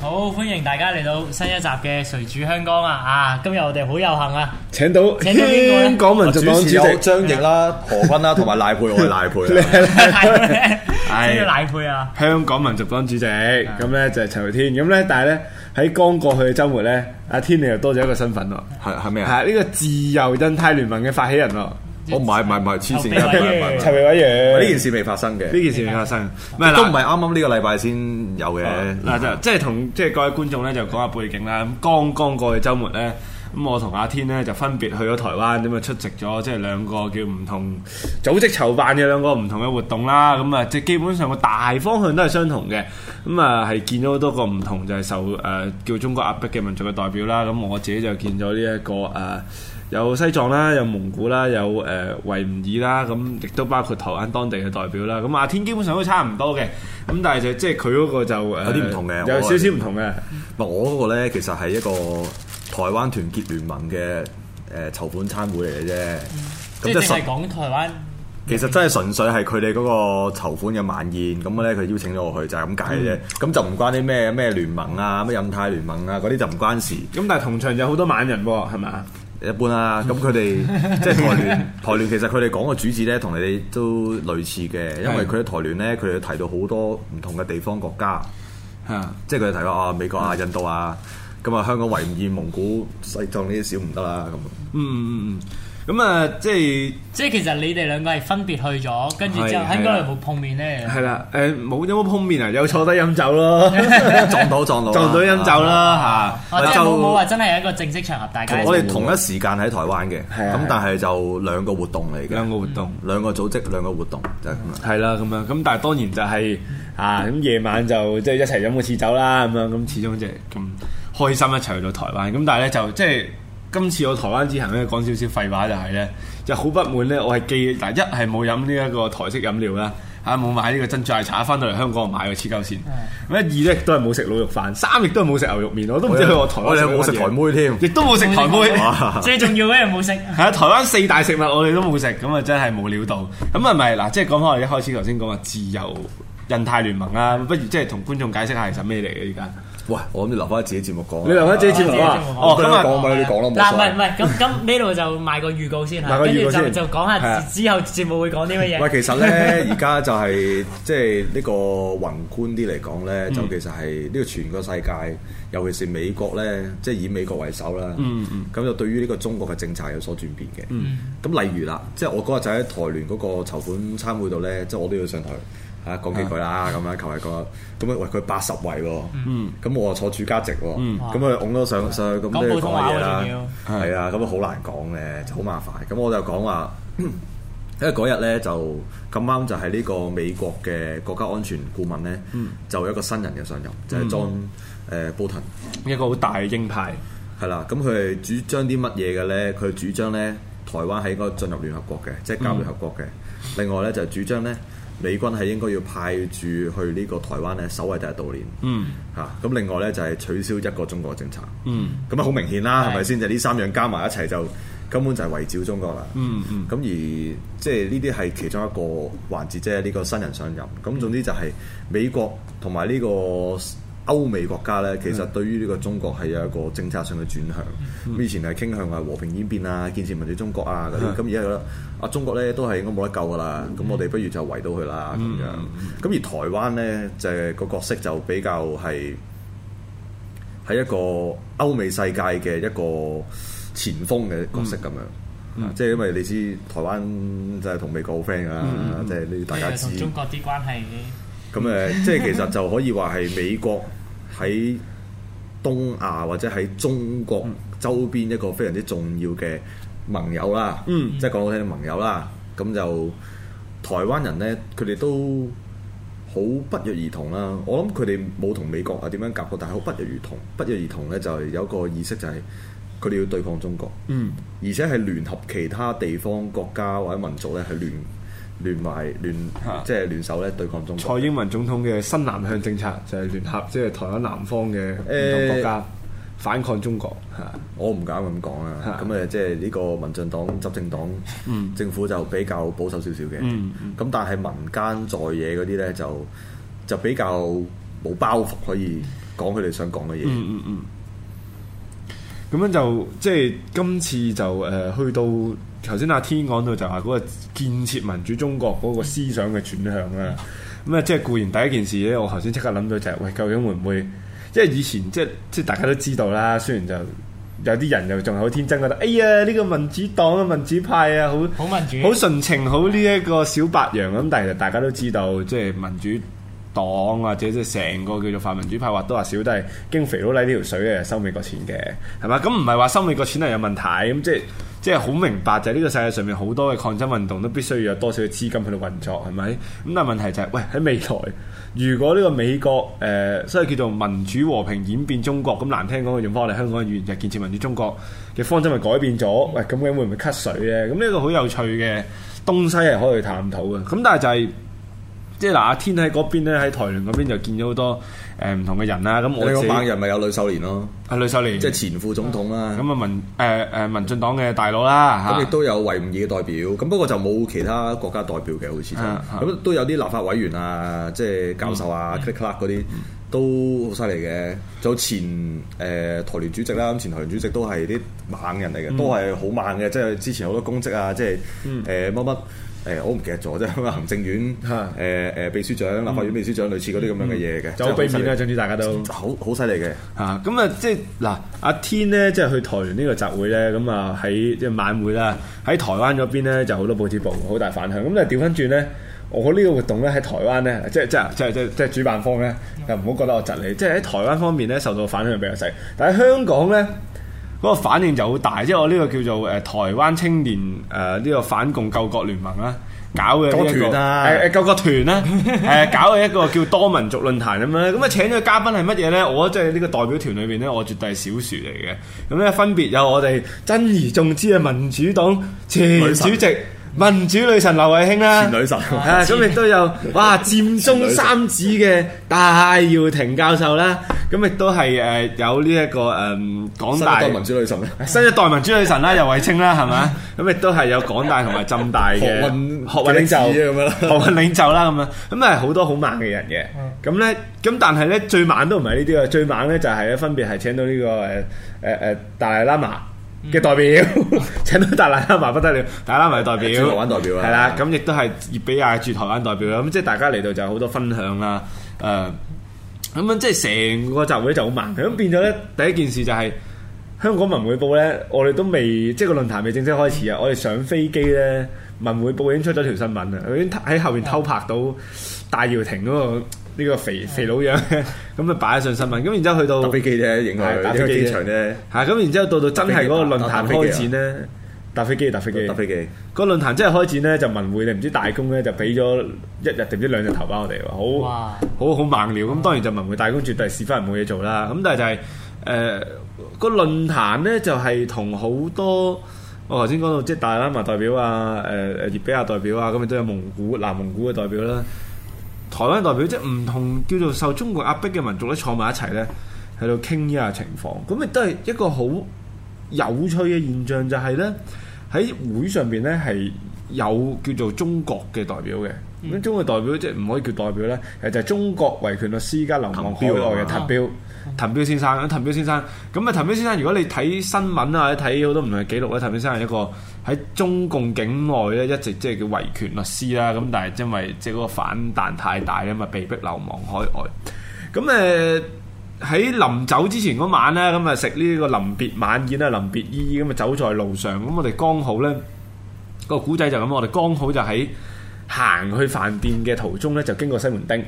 好歡迎大家嚟到新一集嘅誰主香江」啊！啊，今日我哋好有幸啊，請到，請到香港民族黨主席張翼啦、何、哦、 君啦，同埋賴佩，我係賴佩。啊！係咩賴佩啊？香港民族黨主席咁咧 就係陳浩天咁咧， 但係咧，喺剛過去嘅周末咧，阿、啊、天，你又多咗一個身份咯，係，係咩啊？係呢個自由印太聯盟嘅發起人咯。我唔係唔係唔係黐線嘅，唔係唔係唔係呢件事未發生嘅，呢件事未發生，唔係都唔係啱啱呢個禮拜先有嘅。嗱，即係同即係各位觀眾咧，就講下背景啦。咁剛剛過去週末咧，咁我同阿天咧就分別去咗台灣，咁啊出席咗即係兩個叫唔同組織籌辦嘅兩個唔同嘅活動啦。咁啊，即係基本上個大方向都係相同嘅。咁啊，係見咗好多個唔同，就係、是、受誒叫中國壓迫嘅民族嘅代表啦。咁我自己就見咗呢一個誒，有西藏啦，有蒙古啦，有誒維吾爾啦，咁亦都包括台灣當地嘅代表啦。咁阿天基本上都差唔多嘅。咁但係就即係佢嗰個就有啲唔同嘅，有少少唔同嘅。我嗰個咧，其實係一個。台灣團結聯盟嘅誒籌款餐會嚟嘅啫，咁即係講台灣。其實真係純粹係佢哋嗰個籌款嘅晚宴，咁咧佢邀請咗我去就係咁解嘅啫。咁就唔關啲咩咩聯盟啊、咩印太聯盟啊嗰啲就唔關事。咁但係同場有好多猛人喎，啊，係咪？一般啊，咁佢哋即係台聯， 台聯其實佢哋講嘅主旨咧，同你哋都類似嘅，因為佢喺台聯咧，佢哋提到好多唔同嘅地方國家，即係佢哋提到啊美國啊、印度啊。嗯啊咁啊，香港維吾爾、蒙古、西藏呢啲少唔得啦，咁嗯嗯嗯，咁啊，即係即係，其實你哋兩個係分別去咗，跟住之後喺嗰度冇碰面咧，係啦，誒冇有冇碰面啊？有坐低飲酒咯，撞到撞到撞到飲酒啦，嚇！即係冇冇話真係一個正式場合，大家我哋同一時間喺台灣嘅，咁但係就兩個活動嚟嘅，兩個活動，兩個組織，兩個活動就係咁啦，係啦，咁樣，咁但係當然就係啊，咁夜晚就即係一齊飲個次酒啦，咁樣咁，始終即係咁。開心一齊去到台灣，咁但係咧就即係今次我台灣之行咧講少少廢話就係咧就好、是、不滿咧，我係記嗱一係冇飲呢一個台式飲料啦，嚇、啊、冇買呢個珍珠奶茶，翻到嚟香港買個黐鳩線。咁一的二咧都係冇食滷肉飯，三亦都係冇食牛肉麵，我都唔知去過也台灣我有冇食台妹添，亦都冇食台妹。最重要嘅係冇食。係啊， 台灣四大食物我哋都冇食，咁啊真係冇料到。咁係咪嗱？即係講返我哋一開始頭先講話自由印太聯盟啦，不如即係同觀眾解釋下其實咩嚟嘅而家。哇！我諗住留翻自己節目講。你留翻自己節目啊！哦，咁啊，講咪你講咯。嗱，唔係唔係，咁咁呢度就賣個預告先嚇，跟住就就講下之後節目會講啲乜嘢。唔係，其實咧，而家就係即係呢個宏觀啲嚟講咧，就其實係呢個全個世界，尤其是美國咧，即係以美國為首啦。咁就對於呢個中國嘅政策有所轉變嘅。咁例如啦，即係我嗰日就喺台聯嗰個籌款餐會度咧，即係我都要上台。啊，講幾句啦咁樣，求其講咁啊！喂，佢八十位喎，咁我啊坐主家席喎，咁佢，擁咗上上去咁都講嘢啦，係啊，咁啊好難講嘅，就好麻煩。咁我就講話，因為嗰日咧就咁啱就係呢個美國嘅國家安全顧問咧，就有一個新人嘅上任，就係 John 呃 Bolton，一個好大鷹派，係啦。咁佢係主張啲乜嘢嘅咧？佢係主張咧，台灣應該進入聯合國嘅，即係加入聯合國嘅。另外咧就主張咧。美軍係應該要派住去呢個台灣咧，守衞第一道線。嗯，嚇咁另外咧就係取消一個中國政策。嗯，咁啊好明顯啦，係咪先？就呢三樣加埋一齊就根本就係圍剿中國啦。嗯嗯。咁而即係呢啲係其中一個環節啫，即係呢個新人上任。咁、嗯、總之就係美國同埋呢個。歐美國家咧，其實對於呢個中國係有一個政策上嘅轉向。咁、嗯、以前係傾向係和平演變啊，建設民主中國啊嗰啲。咁而家覺得啊，中國咧都係應該冇得救噶啦。咁、嗯、我哋不如就圍到佢啦咁樣。咁而台灣咧就係、個角色就比較係喺一個歐美世界嘅一個前鋒嘅角色咁、嗯、樣。嗯、即係因為你知台灣就係同美國好 friend 啊，即係呢啲大家知。中國啲關係咁誒，即係其實就可以話係美國。 喺東亞或者喺中國周邊一個非常之重要嘅盟友啦，嗯、即係講好聽嘅盟友啦。咁就台灣人呢，佢哋都好不約而同啦。我諗佢哋冇同美國啊點樣夾過，但係好不約而同，不約而同呢，就係有一個意識、就係，就係佢哋要對抗中國，嗯，而且係聯合其他地方國家或者民族呢。係聯。聯埋聯即係聯手咧對抗中國。蔡英文總統嘅新南向政策就係、是、聯合即係台灣南方嘅唔同國家、欸、反抗中國。我唔敢咁講啊。咁誒、啊，即係呢個民進黨執政黨政府就比較保守少少嘅。咁、嗯嗯嗯、但係民間在野嗰啲咧就就比較冇包袱，可以講佢哋想講嘅嘢。嗯嗯咁樣就即係今次就誒、呃、去到。頭先阿天講到就話嗰個建設民主中國嗰個思想嘅轉向啦、啊，咁啊即係固然第一件事咧，我頭先即刻諗到就係、係、喂，究竟會唔會即係以前即即大家都知道啦，雖然就有啲人又仲係好天真覺得，哎呀呢、呢個民主黨啊民主派啊好好民主好純情好呢一個小白羊咁，但係大家都知道即係民主黨或者即係成個叫做泛民主派，或多或少都係經肥佬拉呢條水係收美國錢嘅，係嘛？咁唔係話收美國錢係有問題咁，即係即係好明白就係呢個世界上面好多嘅抗爭運動都必須要有多少嘅資金去到運作，係咪？咁但係問題就係、是，喂喺未來，如果呢個美國誒、呃，所以叫做民主和平演變中國咁難聽講嘅用返嚟，香港嘅語言就建設民主中國嘅方針咪改變咗？喂，咁嘅會唔會吸水咧？咁呢個好有趣嘅東西係可以去探討嘅。咁但係就係、是。即係嗱，阿、啊、天喺嗰邊咧，喺台聯嗰邊見、呃啊、就見咗好多誒唔同嘅人啦。咁我哋班人咪有呂秀蓮咯，係呂秀蓮，即係前副總統啊，啊。咁啊民誒誒民進黨嘅大佬啦、啊，咁亦、啊、都有維吾爾嘅代表。咁不過就冇其他國家代表嘅好似就咁都有啲立法委員啊，即係教授啊 click click 嗰啲都好犀利嘅。就前誒、呃、台聯主席啦、啊，咁前台聯主席都係啲猛人嚟嘅，嗯、都係好猛嘅，即係之前好多公職啊，即係誒乜乜。呃嗯誒，我唔記得咗即係香港行政院誒誒，秘書長、嗯、立法院秘書長，類似嗰啲咁樣嘅嘢嘅，就、嗯、避免啦，總之大家都好好犀利嘅嚇。咁啊，即係嗱，阿、啊、天咧，即係去台聯呢個集會咧，咁啊喺即係晚會啦，喺台灣嗰邊咧就好多報紙報，好大反響。咁啊掉返轉咧，我覺得呢個活動咧喺台灣咧，即係即係即係即係即係主辦方咧，就唔好覺得我窒你。即係喺台灣方面咧受到反響比較細，但係香港咧。嗰個反應就好大，即、就、係、是、我呢個叫做誒、呃、台灣青年誒呢、呃這個反共救國聯盟啦，搞嘅一、這個誒救國團啦、啊，誒、呃啊、 搞嘅一個叫多民族論壇咁樣，咁啊請咗嘉賓係乜嘢咧？我即係呢個代表團裏邊咧，我絕對係小樹嚟嘅，咁咧分別有我哋珍而重之嘅民主黨前神主席。民主女神劉慧卿啦，咁亦都有哇，佔中三子嘅戴耀廷教授啦，咁亦都係誒有呢一個誒廣大民主女神，新一代民主女神啦，劉慧卿啦，係咪？咁亦都係有港大同埋浸大嘅學運學運領袖啊，咁樣學運領袖啦，咁樣咁係好多好猛嘅人嘅，咁咧咁但係咧最猛都唔係呢啲啊，最猛咧就係咧分別係請到呢個誒誒誒大喇嘛。嘅代表、嗯、 請到達賴喇嘛，不得了，達賴喇嘛代表，的台灣代表啊，係啦的，咁亦都係葉比亞住台灣代表咁，即係大家嚟到就好多分享啦，誒、呃，咁樣即係成個集會就好慢咁變咗咧、嗯、第一件事就係、是、香港文匯報咧，我哋都未即係個論壇未正式開始啊，嗯、我哋上飛機咧，文匯報已經出咗條新聞啊，已經喺後邊偷拍到戴耀廷嗰、那個。呢個肥肥佬樣，咁咪擺上新聞，咁然之後去到搭飛機咧，影下啲機場咧，嚇咁別然之後到到真係嗰個論壇開展咧，搭飛機嘅搭飛機，個論壇真係開展咧，就文會你唔知大公咧就俾咗一日定唔知兩日頭包我哋好，好好哇猛料，咁哇當然就文會大公絕對係屎忽冇嘢做啦，咁但係就係、是、誒、呃這個論壇咧就係同好多我頭先講到即係大喇嘛代表啊，誒誒熱比婭代表啊，咁、呃、亦都有蒙古南蒙古嘅代表啦。台灣代表即係唔同叫做受中國壓迫嘅民族咧，坐埋一齊咧，喺度傾一下情況，咁亦都係一個好有趣嘅現象，就係咧喺會上邊咧係。有叫做中國嘅代表嘅，咁、嗯、中國代表即係唔可以叫代表呢？其實誒就係、是、中國維權律師加流亡海外嘅滕 彪，滕、啊、彪先生，滕彪先生，咁啊滕彪先生，先生如果你睇新聞啊，睇好多唔同嘅記錄咧，滕彪先生係一個喺中共境內咧一直即係叫維權律師啦，咁但係因為即係嗰個反彈太大咧，咪被迫流亡海外。咁誒喺臨走之前嗰晚呢，咁啊食呢個臨別晚宴啊，臨別依依咁啊走在路上，咁我哋剛好呢。個古仔就咁，我哋剛好就喺行去飯店嘅途中咧，就經過西門町。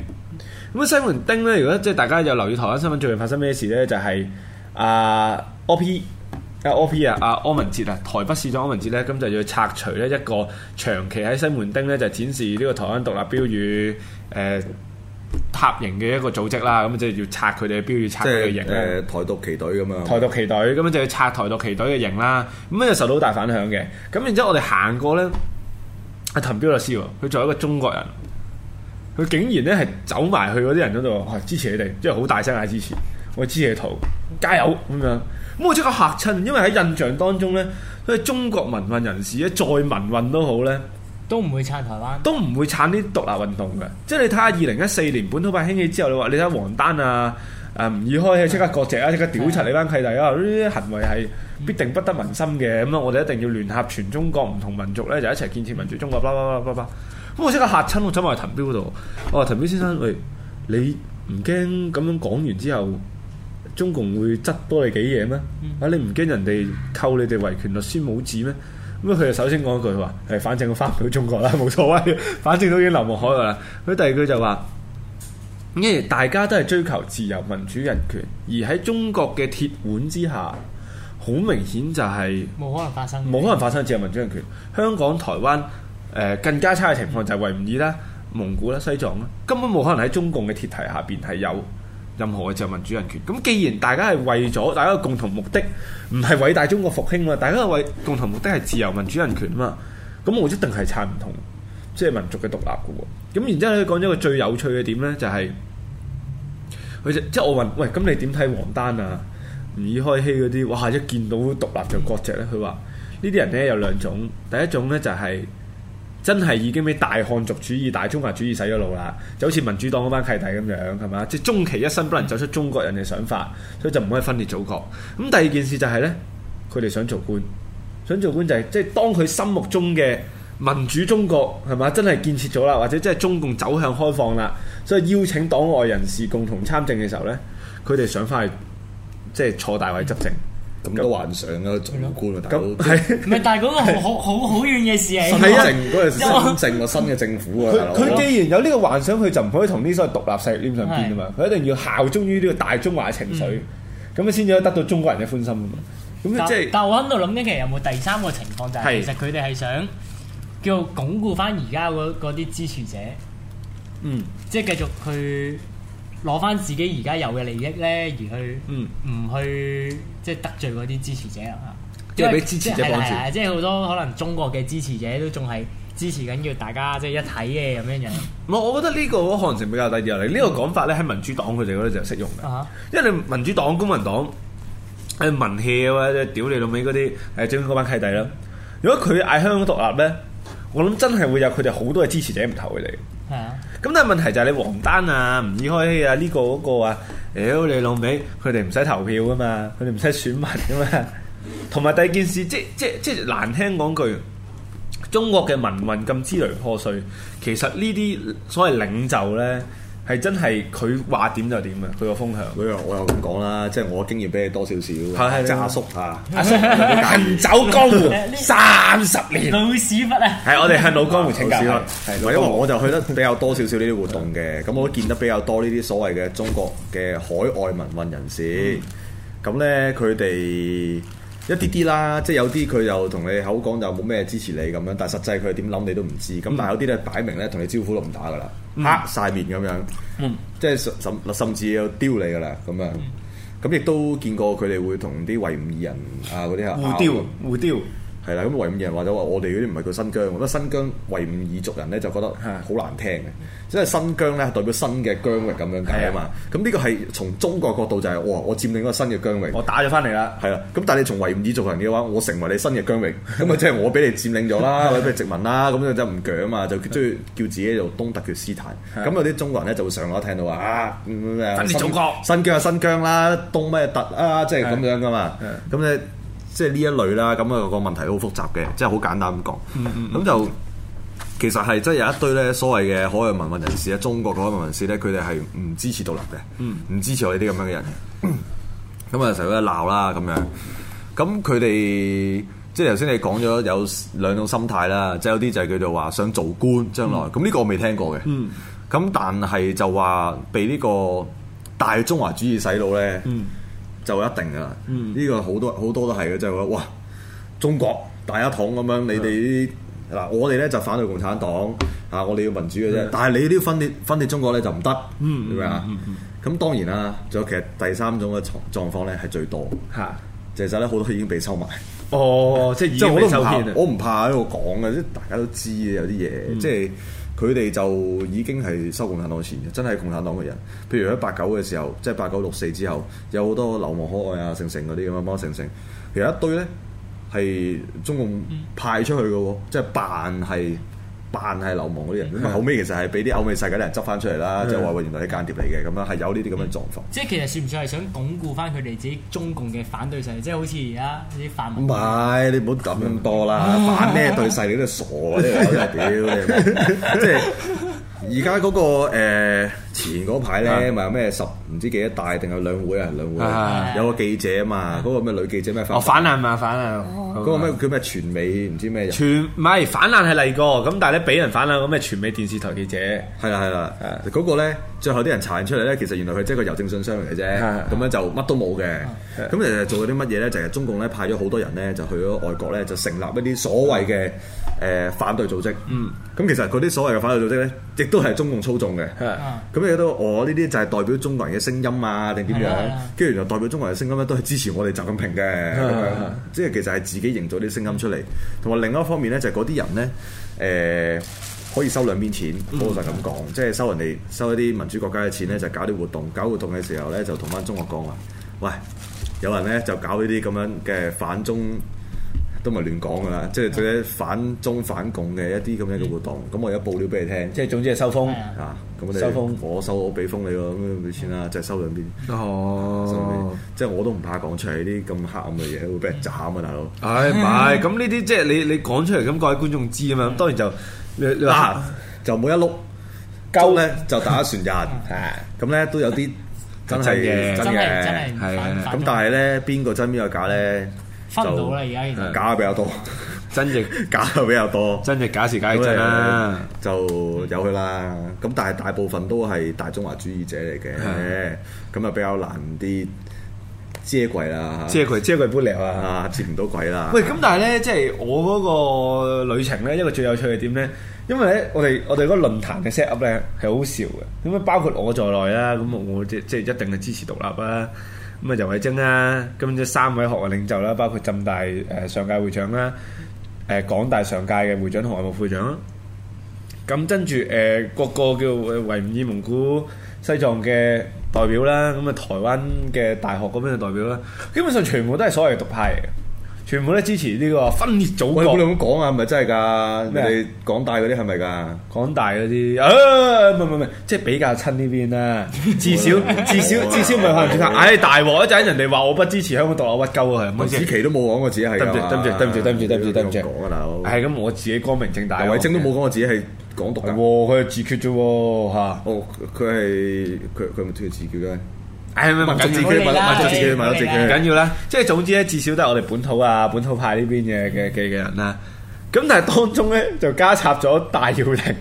咁西門町咧，如果即係大家有留意台灣新聞最近發生咩事咧，就係、是、啊、呃 OP, 呃、OP 啊 OP 啊阿柯文哲啊，台北市長柯文哲咧，咁就要拆除咧一個長期喺西門町咧就展示呢個台灣獨立標語誒。呃合型嘅一個組織啦，咁即係要拆佢哋嘅標，要拆佢哋嘅營。即係台獨旗隊咁樣。台獨旗隊咁樣就要拆台獨旗隊嘅營啦，咁就受到好大反響嘅。咁然之後我哋行過咧，阿滕彪律師佢作為一個中國人，佢竟然咧係走埋去嗰啲人嗰度，哇支持你哋，即係好大聲嗌支持，我支持你哋，加油咁樣。咁我即刻嚇親，因為喺印象當中咧，佢係中國民運人士一再民運都好咧。都唔會撐台灣，都唔會撐啲獨立運動嘅。即係你睇下二零一四年本土派興起之後，你話你睇下王丹啊，誒吾爾開希啊，即刻割席啊，即刻屌柒你班契弟啊，呢啲、嗯、行為係必定不得民心嘅。咁、嗯、啊，嗯、我哋一定要聯合全中國唔同民族咧，就一齊建設民主中國。巴拉巴拉巴。咁我即刻嚇親，我走埋去滕彪嗰度。我話滕彪先生，喂，你唔驚咁樣講完之後，中共會執多你幾嘢咩？啊、嗯，你唔驚人哋扣你哋維權律師帽子咩？咁佢就首先講一句話，誒、欸，反正我翻唔到中國啦，冇所謂，反正都已經流亡海外啦。佢第二句就話，咦，大家都係追求自由、民主、人權，而喺中國嘅鐵腕之下，好明顯就係冇可能發生，冇可能發生自由、民主、人權。香港、台灣誒、呃、更加差嘅情況就係維吾爾啦、蒙古啦、西藏啦，根本冇可能喺中共嘅鐵蹄下邊係有，任何嘅自由民主人權，咁既然大家係為咗大家嘅共同目的，唔係偉大中國復興嘛，大家嘅為共同目的係自由民主人權嘛，咁我一定係撐唔同，即係民族嘅獨立嘅喎。咁然之後咧，講咗個最有趣嘅點咧，就係佢就即係我問，喂，咁你點睇王丹啊、吾爾開希嗰啲？哇，一見到獨立就割席咧。佢話呢啲人咧有兩種，第一種咧就係。真係已經俾大漢族主義、大中華主義洗咗腦啦，就好似民主黨嗰班契弟咁樣，係嘛？即係終其一生不能走出中國人嘅想法，所以就唔可以分裂祖國。咁第二件事就係呢，佢哋想做官，想做官就係、是、即係當佢心目中嘅民主中國係嘛，真係建設咗啦，或者即係中共走向開放啦，所以邀請黨外人士共同參政嘅時候呢，佢哋想翻去即係坐大位執政。咁嘅幻想嘅總冠啊，大佬，那但係嗰個 是好好好遠嘅事，係新政，嗰個新政，個新嘅政府啊，佢既然有呢個幻想，佢就唔可以同呢啲所謂獨立勢力點上邊啊嘛，佢的一定要效忠於呢個大中華嘅情緒，咁啊先至可以得到中國人嘅歡心啊嘛，咁啊即係，但係我喺度諗緊，其實有冇第三個情況？就係、是、其實佢哋係想叫鞏固翻而家嗰啲支持者，嗯，即係繼續去。攞翻自己而家有嘅利益咧，而去唔、嗯、去即係得罪嗰啲支持者啊？即係俾支持者即係好多可能中國嘅支持者都仲係支持緊要大家即係一體嘅咁樣樣。我我覺得呢個可能性比較低啲嚟，嗯、個呢個講法咧喺民主黨佢哋嗰度就適用嘅。啊、哈因為你民主黨、公民黨，誒民協啊，或者屌你老味嗰啲誒政府嗰班契弟啦！如果佢嗌香港獨立咧，我諗真係會有佢哋好多嘅支持者唔投佢哋。係啊。咁但係問題就係你王丹啊、吾爾開希啊呢、這個嗰個啊，屌、哎、你老味，佢哋唔使投票噶嘛，佢哋唔使選民噶嘛。同埋第二件事，即係即係即係難聽講句，中國嘅民運咁支離破碎，其實呢啲所謂領袖咧。係真係佢話點就點嘅，佢個風向我。我又我又咁講啦，即係我經驗比你多少少。阿、啊、叔嚇，阿、啊、叔行走江湖三十年，老屎忽啊！係我哋向老江湖請教。係，因為我就去得比較多少少呢啲活動嘅，咁、嗯嗯、我都見得比較多呢啲所謂嘅中國嘅海外民運人士。咁咧、嗯，佢哋、嗯。一啲啲啦，即係有啲佢又同你口講就冇咩支持你咁樣，但係實際佢點諗你都唔知。咁但係有啲呢擺明呢同你招呼都唔打㗎喇，黑晒面咁樣，即係甚甚甚至有丟你㗎喇咁樣。咁亦都見過佢哋會同啲維吾爾人啊嗰啲啊互丟互丟。係啦，咁維吾爾人或者話，我哋嗰啲唔係叫新疆，我覺得新疆維吾爾族人咧就覺得好難聽嘅，因為新疆咧代表新嘅疆域咁樣解啊嘛。咁呢個係從中國角度就係、哇、我我佔領咗新嘅疆域，我打咗翻嚟啦。係啊，咁但係你從維吾爾族人嘅話，我成為你新嘅疆域，咁啊即係我俾你佔領咗啦，俾殖民啦，咁 就就唔強啊嘛，就中意叫自己做東突厥斯坦。咁的有啲中國人咧就會上來聽到話啊，分裂中國，新疆啊新疆啦，啊，東咩特突啊，即係咁樣噶嘛。咁咧。即係呢一類啦，咁啊個問題好複雜嘅，即係好簡單咁講。咁、嗯嗯、就其實係即係有一堆咧所謂嘅海外民運人士咧，中國嗰啲民運人士咧，佢哋係唔支持獨立嘅，唔、嗯、支持我哋啲咁樣嘅人嘅。咁啊成日都鬧啦咁樣。咁佢哋即係頭先你講咗有兩種心態啦，即係有啲就係叫做話想做官，將來咁呢、嗯、個我未聽過嘅。咁、嗯嗯、但係就話被呢個大中華主義洗腦咧。嗯嗯嗯就一定㗎喇。呢個好多好多都係嘅，就係話哇，中國大一桶大一統咁樣，你哋啲嗱我哋咧就反對共產黨啊，我哋要民主嘅啫。但係你呢啲分裂分裂中國咧就唔得，係咪啊？咁當然啦，仲有其實第三種嘅狀狀況咧係最多吓。其實咧好多已經被收埋。哦，即係我唔怕，我唔怕喺度講嘅，即係大家都知嘅有啲嘢，即係。佢哋就已經係收共產黨錢，真係共產黨嘅人。譬如喺八九嘅時候，即係八九六四之後，有好多流亡可外海外啊，成成嗰啲咁啊，幫成成。其實一堆咧係中共派出去嘅喎，嗯、即係扮係。扮係流氓嗰啲人，後尾其實係俾啲歐美世界啲人執翻出嚟啦，即、嗯、就話喂原來係間諜嚟嘅，咁樣係有呢啲咁嘅狀況即。即係其實算唔算係想鞏固翻佢哋自己中共嘅反對勢力？即係好似而家啲泛民。唔係，你唔好諗咁多啦，扮咩對勢你都傻啊！呢個屌你，即係而家嗰個誒前嗰排咧，咪有咩十唔知幾多大定有兩會啊？兩會有個記者嘛，嗰個咩女記者咩反？哦，反爛啊，反啊，嗰個咩叫咩全美唔知咩人？全唔係反爛係嚟過，咁但係咧俾人反爛嗰咩全美電視台記者係啦，係啦，誒嗰個咧最後啲人查驗出嚟咧，其實原來佢即係個郵政信箱嚟嘅啫，咁樣就乜都冇嘅。咁其實做咗啲乜嘢咧？就係中共咧派咗好多人咧，就去咗外國咧，就成立一啲所謂嘅誒反對組織。嗯，咁其實嗰啲所謂嘅反對組織咧，亦都係中共操縱嘅。咁。我呢啲就係代表中國人嘅聲音啊，定點樣啊？跟住就代表中國人聲音咧，都係支持我哋習近平嘅。即係、 嗯、其實係自己營造啲聲音出嚟。同埋另外一方面咧，就係嗰啲人咧，誒可以收兩邊錢，我就咁講。嗯、即係收人哋收一啲民主國家嘅錢咧，就搞啲活動。搞活動嘅時候咧，就同翻中國講話，喂，有人咧就搞呢啲咁樣嘅反中，都唔係亂講㗎啦。即係做啲反中反共嘅一啲咁樣嘅活動。咁、嗯、我有報料俾你聽。即係總之係收風啊！咁你收風我收我俾封你喎，咁咪唔畀錢啦，就係收兩邊。哦，收兩邊，即係我都唔怕講出嚟啲咁黑暗嘅嘢，會俾人斬啊，大佬。唉，唔係，咁呢啲即係你你講出嚟，咁各位觀眾知啊嘛，咁當然就嗱就冇一碌鳩咧，就打一船人嚇，咁咧都有啲真係嘅，真係真係。咁但係咧，邊個真邊個假咧？就，啦而家，假嘅比較多。真正假就比較多，真正假時是假亦真就有佢啦。咁、嗯、但係大部分都係大中華主義者嚟嘅，咁啊、嗯、比較難啲遮鬼啦，遮鬼遮鬼，遮鬼不了啊，接唔到鬼啦。喂，咁但係咧，即係我嗰個旅程咧，一個最有趣嘅點咧，因為咧，我哋我哋嗰個論壇嘅 set up 咧係好笑嘅，咁啊包括我在內啦，咁我即即係一定係支持獨立啦，咁啊就偉貞啦，咁即三位學運領袖啦，包括浸大誒上屆會，會長啦。誒港、呃、大上屆嘅會長同外務副會長啦，咁、啊、跟住誒、呃、各個叫維吾爾、蒙古、西藏嘅代表啦，咁啊台灣嘅大學嗰邊嘅代表啦，基本上全部都係所謂嘅獨派嚟嘅。全部都支持呢個分裂祖國。喂，咁講啊，係咪真係㗎？你港大嗰啲係咪㗎？港大嗰啲啊，唔唔唔，即係比較親呢邊啦。至少至少至少唔係香港唉，大鑊一陣，人哋話我不支持香港獨立屈鳩啊！係。鄧紫棋都冇講過自己係。對唔住對唔住對唔住對唔住對唔住對唔住。講㗎啦，係咁我自己光明正大。衞青都冇講過自己係港獨。佢係自決啫，嚇。哦，佢係佢佢唔係自決嘅。誒，唔、哎、緊要啦，賣咗自己，賣賣咗自己，賣咗自己，唔緊要啦。即係總之咧，至少都係我哋本土啊，本土派呢邊嘅嘅嘅嘅人啦、啊。咁但係當中咧就加插咗戴耀廷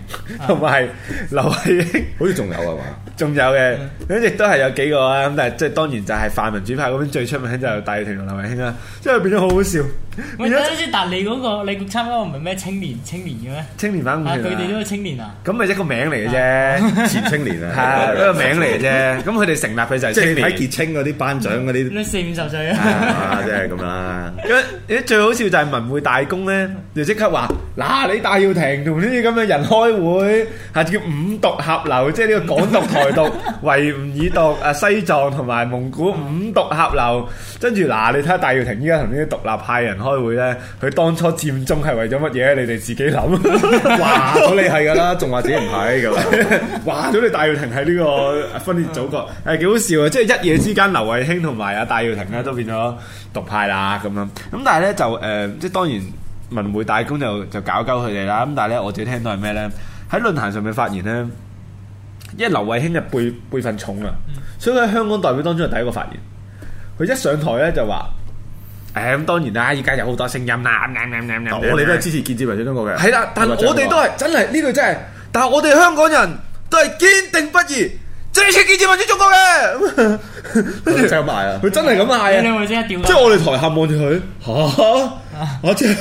同埋劉慧卿、啊，好似仲有係嘛？仲有嘅，一直都係有幾個啊，咁但係即係當然就係泛民主派嗰邊最出名就戴耀廷同劉慧卿啦，即係變咗好好笑。唔係啊，但係你嗰、那個你參加個唔係咩青年青年嘅咩？青年反對佢哋都青年啊？咁咪一個名嚟嘅啫，啊、前青年啊，係、啊、 一個名嚟嘅啫。咁佢哋成立嘅就係青年結清嗰啲班長嗰啲，四五十歲啊，啊，即係咁啦。最好笑就係文匯大公咧，佢話：嗱，你戴耀廷同呢啲咁嘅人開會，係叫五獨合流，即係呢個港獨、台獨、維吾爾獨、啊西藏同埋蒙古五獨合流。跟住嗱，你睇下戴耀廷依家同呢啲獨立派人開會咧，佢當初佔中係為咗乜嘢？你哋自己諗。話咗 你係噶啦，仲話 自己唔係咁。話咗你戴耀廷喺呢個分裂祖國，係幾好笑啊！即係一夜之間，劉慧卿同埋啊戴耀廷咧都變咗獨派啦咁樣。咁但係咧就誒、呃，即係當然。文匯大公就就搞鳩佢哋啦，咁但係咧，我自己聽到係咩咧？喺論壇上面發言咧，因為劉慧卿嘅背背份重啊，所以喺香港代表當中係第一個發言。佢一上台咧就話：，誒咁當然啦，而家有好多聲音啦，我哋都係支持建設民主中國嘅。係啦，但係我哋都係真係呢度真係，但係我哋香港人都係堅定不移支持建設民主中國嘅。就賣啊！佢真係咁賣啊！即係我哋台下望住佢我即、啊、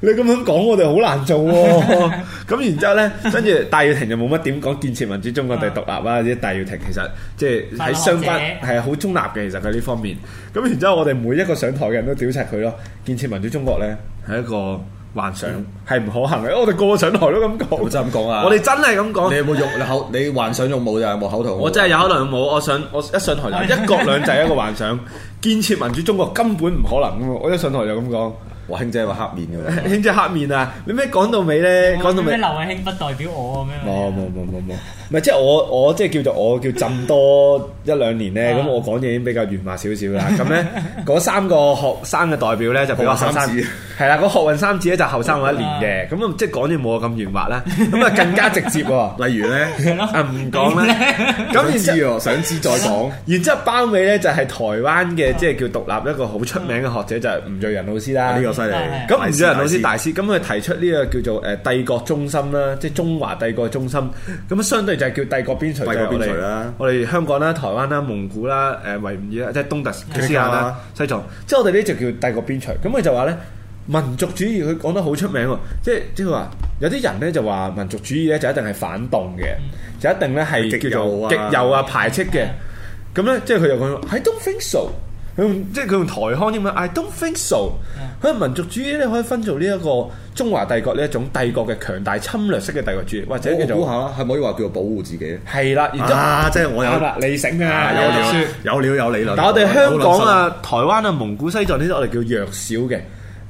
你咁樣講，我哋好難做喎、哦。咁 然之後咧，跟住戴耀廷就冇乜點講建設民主中國定獨立啊。啲戴 耀廷其實、就是、即係喺相反係好中立嘅，其實佢呢方面。咁然之後我哋每一個上台嘅人都屌柒佢咯。建設民主中國咧係一個幻想，係唔、嗯、可行嘅。我哋個個上台都咁講，真咁講啊！我哋真係咁講。 你有冇用你口？你幻想用冇就係冇口頭。我真係有可能冇。我上我一上台就一國兩制一個幻想， 建設民主中國根本唔可能噶，我一上台就咁講。 兄我兄弟係黑面嘅， 兄弟黑面啊！你咩講到尾呢？講到尾，咩劉偉興不代表我啊？咩、哦？冇冇冇冇冇。唔係即係我我即係叫做我叫浸多一兩年咧，咁我講嘢已經比較圓滑少少啦。咁咧嗰三個學生嘅代表咧就比較後生啲，係啦，個學運三子咧就後生我一年嘅，咁即係講嘢冇我咁圓滑啦。咁啊更加直接喎，例如咧啊唔講咧，咁然之後想知再講，然之後包尾咧就係台灣嘅即係叫獨立一個好出名嘅學者就係吳叡人老師啦，呢個犀利。咁吳叡人老師大師，咁佢提出呢個叫做誒帝國中心啦，即係中華帝國中心，咁啊相對。就叫帝國邊陲，就我哋啦，我哋香港啦、台灣啦、蒙古啦、誒維吾爾即係東突斯亞啦、西藏，即係我哋呢就叫帝國邊陲。咁佢就話咧，民族主義佢講得好出名喎，即係即係話有啲人咧就話民族主義咧就一定係反動嘅，嗯、就一定咧係極右、啊、叫做極右啊排斥嘅。咁咧即係佢又講 I don't think so。即係佢用台腔啲嘛？I don't think so。佢民族主義咧可以分做呢一個中華帝國呢一種帝國嘅強大侵略式嘅帝國主義，或者叫做係咪可以話叫做保護自己咧？係啦，然、啊啊、即係我有啦，理性嘅有料，有料有理論。但我哋香港啊、台灣啊、蒙古、西藏呢啲，我哋叫弱小嘅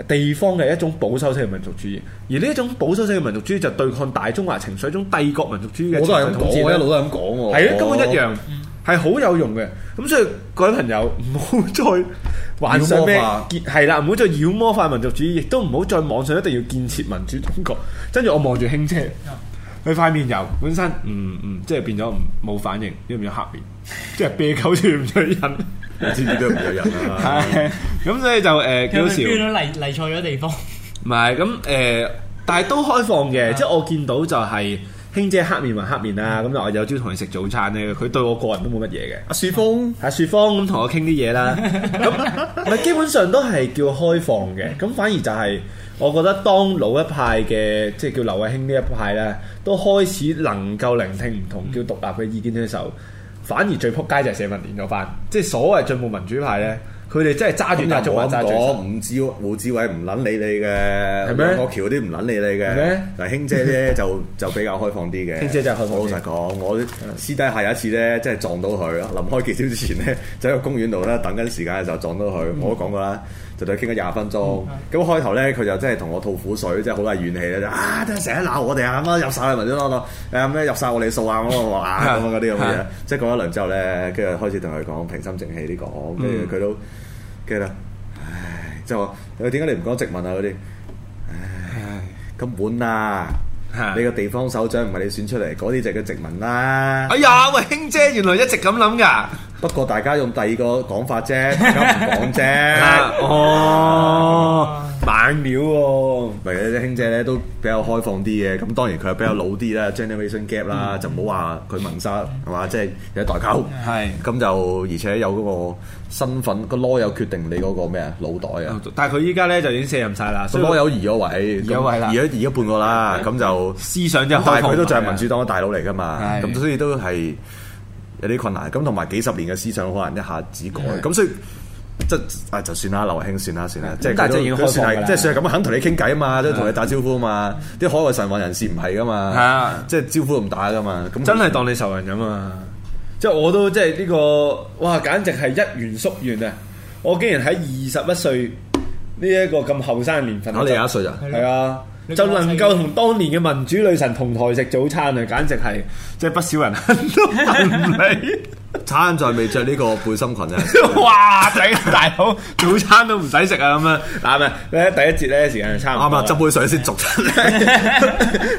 地方嘅一種保守性嘅民族主義，而呢一種保守性嘅民族主義就對抗大中華情緒一種帝國民族主義嘅、啊啊。我都係咁講，我一路都係咁講。係啊，根本一樣。係好有用嘅，咁所以各位朋友唔好再幻想咩建系啦，唔好再妖魔化民族主義，亦都唔好再網上一定要建設民主中國。跟住我望住輕車，佢塊面由本身嗯嗯，即係變咗冇反應，要唔要黑面， 即係啤狗住唔人，你知唔知都唔出人？啦？咁所以就誒，叫、呃、到叫到嚟嚟錯咗地方。唔係咁誒，但係都開放嘅， 即係我見到就係、是。卿姐黑面還黑面啊！咁我有朝同你食早餐呢。佢對我個人都冇乜嘢嘅。阿、啊、雪峰，阿雪、啊、峰咁同我傾啲嘢啦。咁， 我基本上都係叫開放嘅。咁反而就係，我覺得當老一派嘅，即、就、係、是、叫劉慧卿呢一派呢，都開始能夠聆聽唔同叫獨立嘅意見嘅時候，反而最撲街就係社民連嗰班，即、就、係、是、所謂進步民主派呢。佢哋真係揸住大眾啊！揸住我五志胡志偉唔撚理你嘅，我橋啲唔撚理你嘅。嗱嗎，兄姐咧 就就比較開放啲嘅。兄姐真係開放。我老實講，我私底下有一次咧，真係撞到佢。臨 開記者會之前咧，就喺 個公園度咧等緊時間嘅時候撞到佢。嗯、我都講過啦。就同佢傾咗廿分鐘，咁開頭咧佢就真係同我吐苦水，即係好大怨氣咧，就啊都成日鬧我哋啊，乜入晒你文章度，誒咩入晒我哋數啊，咁我我眼咁啊嗰啲咁嘅嘢，即係過一輪之後咧，跟住開始同佢講平心靜氣啲、呢、講、個，跟住佢都，跟住咧，唉，即係我，點解你唔講殖民啊嗰啲？唉，根本啊！你個地方首長唔係你選出嚟，嗰啲就叫殖民啦。哎呀，喂，兄姐，原來一直咁諗㗎。不過大家用第二個講法啫，大家唔講啫。 哦。 百秒喎，咪啲、啊、兄姐咧都比較開放啲嘅，咁當然佢又比較老啲啦 ，generation gap 啦，就唔好話佢萌沙係嘛，即係有代溝。係是，咁就而且有嗰個身份個囉柚決定你嗰個咩啊腦袋啊。但係佢依家咧就已經卸任晒啦，所友移咗位，移咗位啦，移咗移咗半個啦，咁就思想就但係佢都就係民主黨嘅大佬嚟㗎嘛，咁是是所以都係有啲困難。咁同埋幾十年嘅思想可能一下子改，咁是 所以。即係，就算啦，劉慧卿算啦，算啦，即係佢佢算係，即係算係咁肯同你傾偈啊嘛，即係同你打招呼啊嘛，啲海外神話人士唔係噶嘛，係啊，即係招呼唔打噶嘛，咁是的 真係當你仇人噶嘛，即係我都即係、這、呢個，哇，簡直係一圓宿願啊！我竟然喺二十一歲呢一個咁後生嘅年份，我廿一歲咋，係啊。的就能夠同當年嘅民主女神同台食早餐啊！簡直係，即係不少人都唔理。 餐在未着呢個背心裙啊？ 哇！仔大佬， 早餐都唔使食啊咁樣。嗱咪第一節咧時間就差唔多。啊唔執杯水先續身。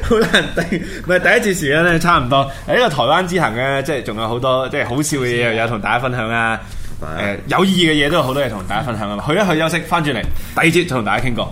好難定，唔係第一節時間咧差唔多。喺呢個台灣之行咧，即係仲有好多即係好笑嘅嘢有同大家分享啊。誒、 呃、有意義嘅嘢都有好多嘢同大家分享啊。去一去休息，翻轉嚟第二節就同大家傾過。